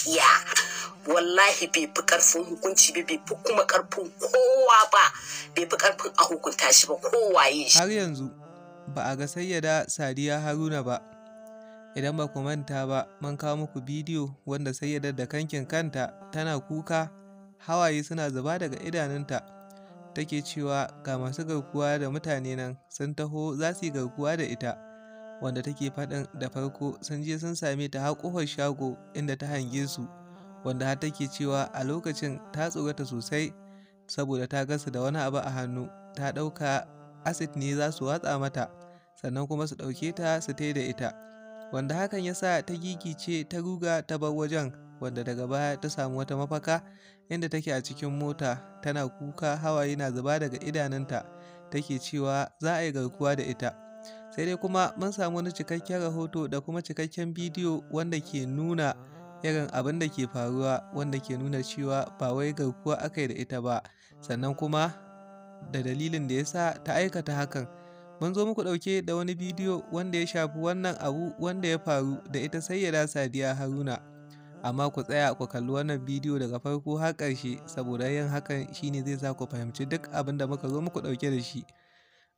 gaskiya wallahi bai fi karfin hukunci bai fi kuma karfin kowa ba bai fi karfin a hukunta shi ba yi shi har yanzu ba a ga sayyada sadiya haruna ba idan ba ku manta ba man kawo muku bidiyo wanda sayyadar da kankin kanta tana kuka hawaye suna zuba daga idanunta take cewa ga masu garkuwa da mutane nan sun taho za su yi garkuwa da ita wanda take faɗin da farko sun je sun same ta har ƙofar shago inda ta hange su wanda har take cewa a lokacin ta tsorata sosai saboda ta gasa da wani abu a hannu ta ɗauka acid ne za su watsa mata sannan kuma su ɗauke ta su tai da ita wanda hakan ya sa ta gigice ta ruga ta bar wajen wanda daga baya ta samu wata mafaka inda take a cikin mota tana kuka hawaye na zuba daga idanunta take cewa za a yi garkuwa da ita sai dai kuma mun samu wani cikakken rahoto da kuma cikakken bidiyo wanda ke nuna irin abin da ke faruwa wanda ke nuna cewa ba wai garkuwa aka yi da ita ba sannan kuma da dalilin da ya sa ta aikata hakan mun zo muku ɗauke da wani bidiyo wanda ya shafi wannan abu wanda ya faru da ita sayyada sadiya haruna amma ku tsaya ku kalli wannan bidiyo daga farko har karshe saboda yin hakan shine zai sa ku fahimci duk abin da muka zo muku ɗauke da shi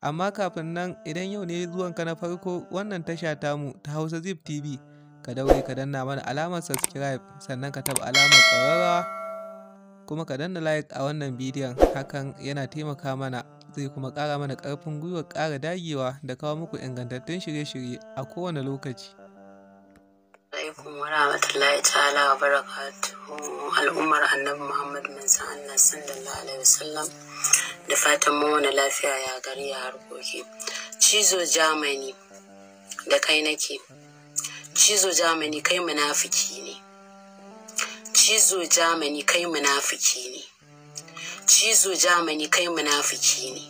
Amma kafin nan idan yau ne zuwanka na farko wannan tasha tamu ta Hausa Zip TV ka daure ka danna mana alamar subscribe sannan ka taba alamar ƙararrawa kuma ka danna like a wannan bidiyon hakan yana taimaka mana zai kuma ƙara mana ƙarfin gwiwar ƙara dagewa da kawo muku ingantattun shirye-shirye a kowane lokaci. alaikum wa rahmatullahi ta'ala al'ummar annabi muhammad bin sa'an sallallahu alaihi da fatan mawana lafiya ya gari ya harkoki cizo jamani da kai nake cizo jamani kai munafiki ne cizo jamani kai munafiki ne cizo jamani kai munafiki ne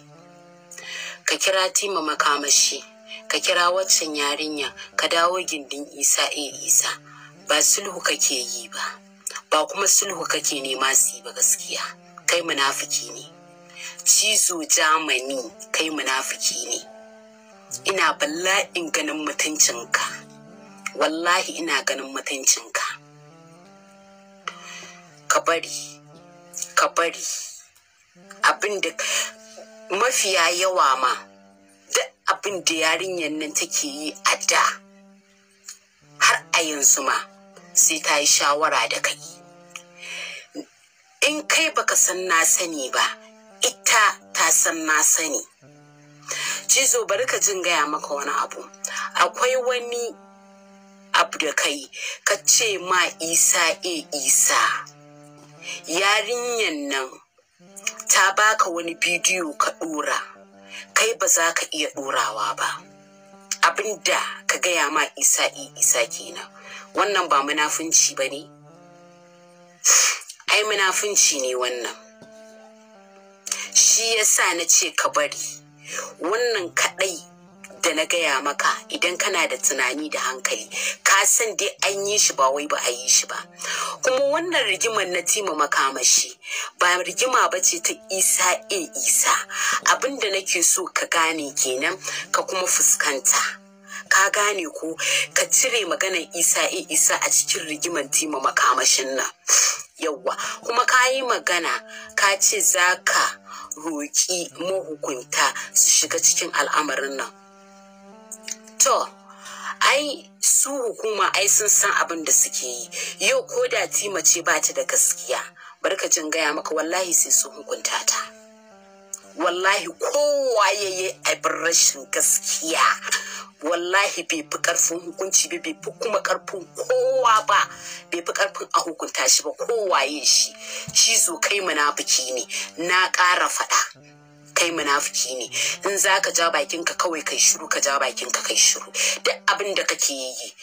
ka kira tima makamashi ka kira waccan yarinya ka dawo gindin isa e isa ba sulhu kake yi ba ba kuma sulhu kake nema su yi ba gaskiya kai munafiki ne cizo jamani kai munafiki ne ina bala'in ganin mutuncinka wallahi ina ganin mutuncinka ka bari ka bari abin mafiya yawa ma da abin da yarinyar nan take yi a da har a yanzu ma sai ta yi shawara da kai in kai baka san na sani ba ita ta san na sani cizo bari ka jin gaya maka wani abu akwai wani abu da kai ka ce ma isa e isa yarinyan nan ta baka wani bidiyo ka dora kai ba za ka iya dorawa ba abinda ka gaya ma isa e isa kenan wannan ba munafunci ba ne ai munafunci ne wannan shi ya sa na ce ka bari wannan kaɗai da na gaya maka idan kana da tunani da hankali ka san dai an yi shi ba wai ba a yi shi ba kuma wannan rigimar na tima makamashi ba rigima ba ce ta isa e isa abinda nake so ka gane kenan ka kuma fuskanta ka gane ko ka cire maganar isa e isa a cikin rigimar tima makamashin nan yawwa kuma ka yi magana ka ce za ka roƙi mahukunta su shiga cikin al'amarin nan to ai su hukuma ai sun san abin da suke yi yau ko da timace ba ta da gaskiya jin gaya maka wallahi sai su hukunta ta wallahi kowa yayi abin rashin gaskiya wallahi bai fi karfin hukunci ba bai fi kuma karfin kowa ba bai fi karfin a hukunta shi ba kowaye shi shi zo kai munafiki ne na ƙara faɗa kai munafiki ne in za ka ja bakinka kawai kai shiru ka ja bakinka kai shiru duk abin da kake yi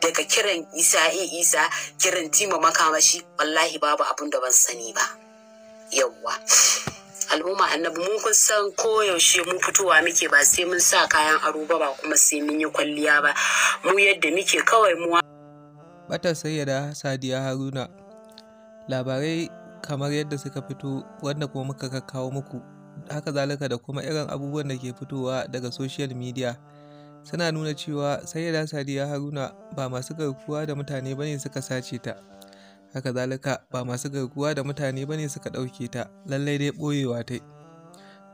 daga kiran isa e isa kiran tima makamashi wallahi babu abin da ban sani ba yawwa al'umma annabi mun kun san koyaushe mu fitowa muke ba sai mun sa kayan aro ba ba kuma sai mun yi kwalliya ba mu yadda muke kawai mu bata sayyada sadiya haruna labarai kamar yadda suka fito wanda kuma muka kakkawo muku haka zalika da kuma irin abubuwan da ke fitowa daga social media suna nuna cewa sayyada sadiya haruna ba masu garkuwa da mutane bane suka sace ta haka zalika ba masu garkuwa da mutane bane suka ɗauke ta lallai dai ɓoyewa ta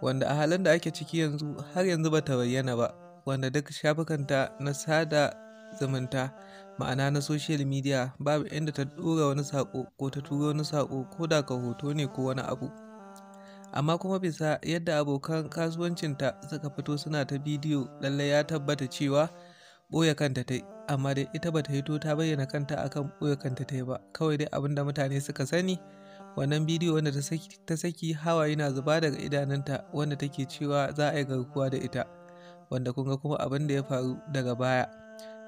wanda a halin da ake ciki yanzu har yanzu bata bayyana ba wanda duk shafukanta na sada zumunta ma'ana na social media babu inda ta ɗora wani saƙo ko ta tura wani saƙo ko da ka hoto ne ko wani abu amma kuma bisa yadda abokan kasuwancinta suka fito suna ta bidiyo lallai ya tabbata cewa ɓoye kanta ta yi amma dai ita bata hito ta bayyana kanta akan ɓoye kanta ta yi ba kawai dai abin da mutane suka sani wannan bidiyo wanda ta saki ta hawaye na zuba daga idanunta wanda take cewa za a yi garkuwa da ita wanda kun kuma abin da ya faru daga baya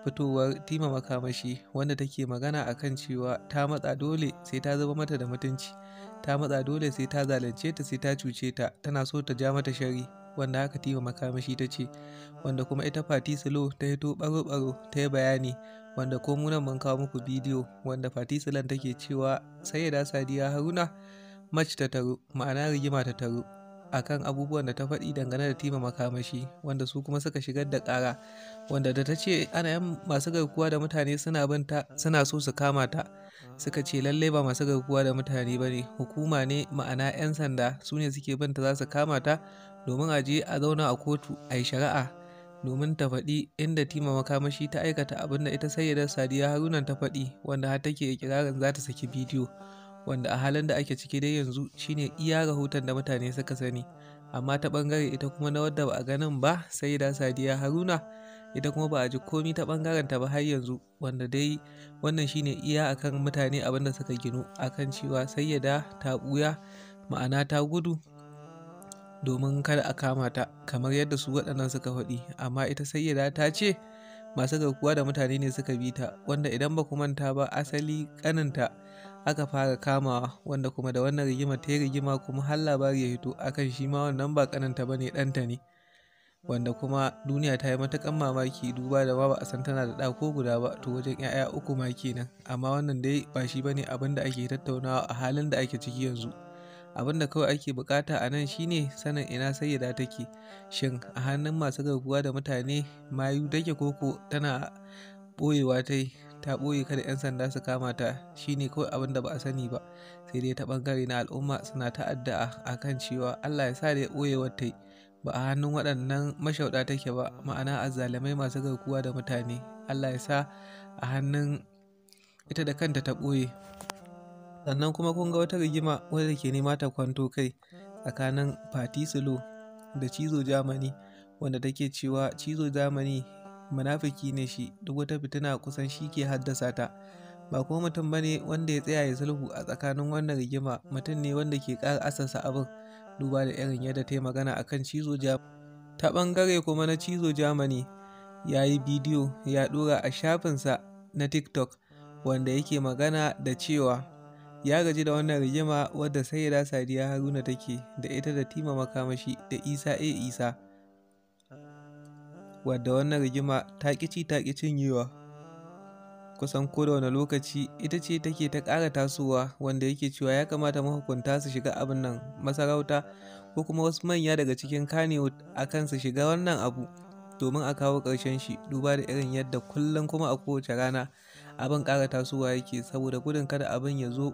fitowar tima makamashi wanda take magana akan cewa ta matsa dole sai ta zuba mata da mutunci ta matsa dole sai ta zalunce ta sai ta cuce ta tana so ta ja mata shari wanda aka tiwa makamashi ta ce wanda kuma ita fati silo ta hito baro-baro ta yi bayani wanda ko munan mun kawo muku bidiyo wanda fati ta take cewa sai da sadiya haruna mace ta taro ma'ana rigima ta taro akan abubuwan da ta faɗi dangane da tima makamashi wanda su kuma suka shigar da ƙara wanda da ta ce ana yan masu garkuwa da mutane suna bin suna so su kama ta suka ce lalle ba masu garkuwa da mutane ba ne hukuma ne ma'ana 'yan sanda su ne suke bin ta za su kama ta domin a je a zauna a kotu a yi shari'a domin ta faɗi inda tima makamashi ta aikata abin da ita sayyadar sadiya haruna ta faɗi wanda har take ikirarin za ta saki bidiyo wanda a halin da ake ciki dai yanzu shine iya rahoton da mutane suka sani amma ta ɓangare ita kuma na wadda ba a ganin ba sayyadar sadiya haruna ita kuma ba a ji komi ta bangaren ta ba har yanzu wanda dai wannan shine iya akan mutane abinda suka ginu akan cewa sayyada ta buya ma'ana ta gudu domin kada a kama ta kamar yadda su waɗannan suka faɗi amma ita sayyada ta ce masu garkuwa da mutane ne suka bi ta wanda idan ba ku manta ba asali kaninta aka fara kamawa wanda kuma da wannan rigima ta yi rigima kuma har labari ya fito akan shi ma wannan ba kaninta ne ɗanta ne wanda kuma duniya ta yi matakan mamaki duba da ba a san tana da ɗa ko guda ba to wajen 'ya'ya uku ma kenan amma wannan dai ba shi bane abin da ake tattaunawa a halin da ake ciki yanzu abin da kawai ake bukata a nan shine sanin ina sayyada take shin a hannun masu garkuwa da mutane mayu take koko tana boyewa ta yi ta ɓoye kada 'yan sanda su kama ta shine kawai abin da ba a sani ba sai dai ta bangare na al'umma suna ta'adda a kan cewa allah ya sa da ya ɓoye ta yi ba a hannun waɗannan mashauɗa take ba ma'ana azzalumai masu garkuwa da mutane allah ya sa a hannun ita da kanta ta ɓoye sannan kuma kun ga wata rigima wadda ke nema ta kwanto kai tsakanin fatisulo da cizo jamani wanda take cewa cizo jamani munafiki ne shi duk wata fitina kusan shi ke haddasa ta ba kuma mutum ba ne wanda ya tsaya ya sulhu a tsakanin wannan rigima mutum ne wanda ke ƙara asasa abin duba da irin yadda ta yi magana a kan cizo ta ɓangare kuma na cizo germany ya yi bidiyo ya ɗora a shafinsa na tiktok wanda yake magana da cewa ya gaji da wannan rigima wadda sayyida sadiya haruna take da ita da tima makamashi da isa a isa wadda wannan rigima ta ƙici ta ƙi yiwa kusan kowane lokaci ita ce take ta ƙara tasowa wanda yake cewa ya kamata mahukunta su shiga abin nan masarauta ko kuma wasu manya daga cikin kanewood a kan su shiga wannan abu domin a kawo ƙarshen shi duba da irin yadda kullum kuma a kowace rana abin ƙara tasowa yake saboda gudun kada abin ya zo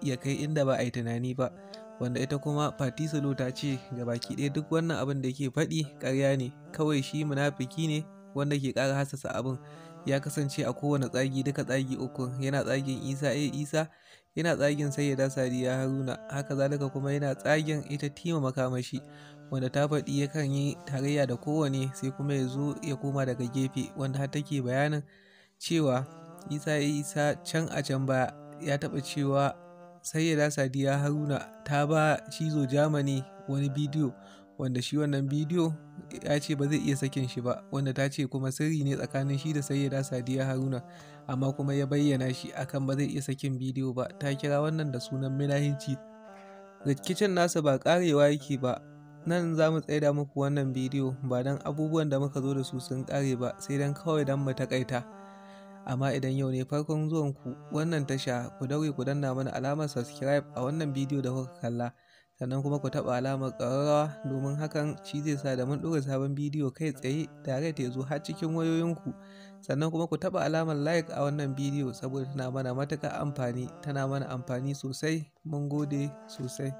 ya kai inda ba a yi tunani ba wanda ita kuma fati salo ta ce ga baki ɗaya duk wannan abin da yake faɗi ƙarya ne kawai shi munafiki ne wanda ke ƙara hasasa abin ya kasance a kowane tsagi duka tsagi uku yana tsagin isa a eh, isa yana tsagin sayyada sadiya haruna haka zalika kuma yana tsagin ita tima makamashi wanda ta faɗi ya kan yi tarayya da kowane sai kuma ya zo ya koma daga gefe wanda har take bayanin cewa isa a eh, isa can a can ba ya taɓa cewa sayyada sadiya haruna ta ba cizo jamani wani bidiyo wanda shi wannan bidiyo ya ce ba zai iya sakin shi ba wanda ta ce kuma sirri ne tsakanin shi da sayyada sadiya haruna amma kuma ya bayyana shi akan ba zai iya sakin bidiyo ba ta kira wannan da sunan minahinci rikicin nasa ba karewa yake ba nan za mu tsaida muku wannan bidiyo ba dan abubuwan da muka zo da su sun kare ba sai dan kawai dan mu takaita amma idan yau ne farkon zuwanku wannan tasha ku daure ku danna mana alamar subscribe a wannan bidiyo da kuka kalla sannan kuma ku taɓa alamar ƙararrawa domin hakan shi zai sa da mun ɗora sabon bidiyo kai tsaye tare da ya zo har cikin wayoyinku sannan kuma ku taɓa alamar like a wannan bidiyo saboda tana mana matuƙar amfani tana mana amfani sosai mun gode sosai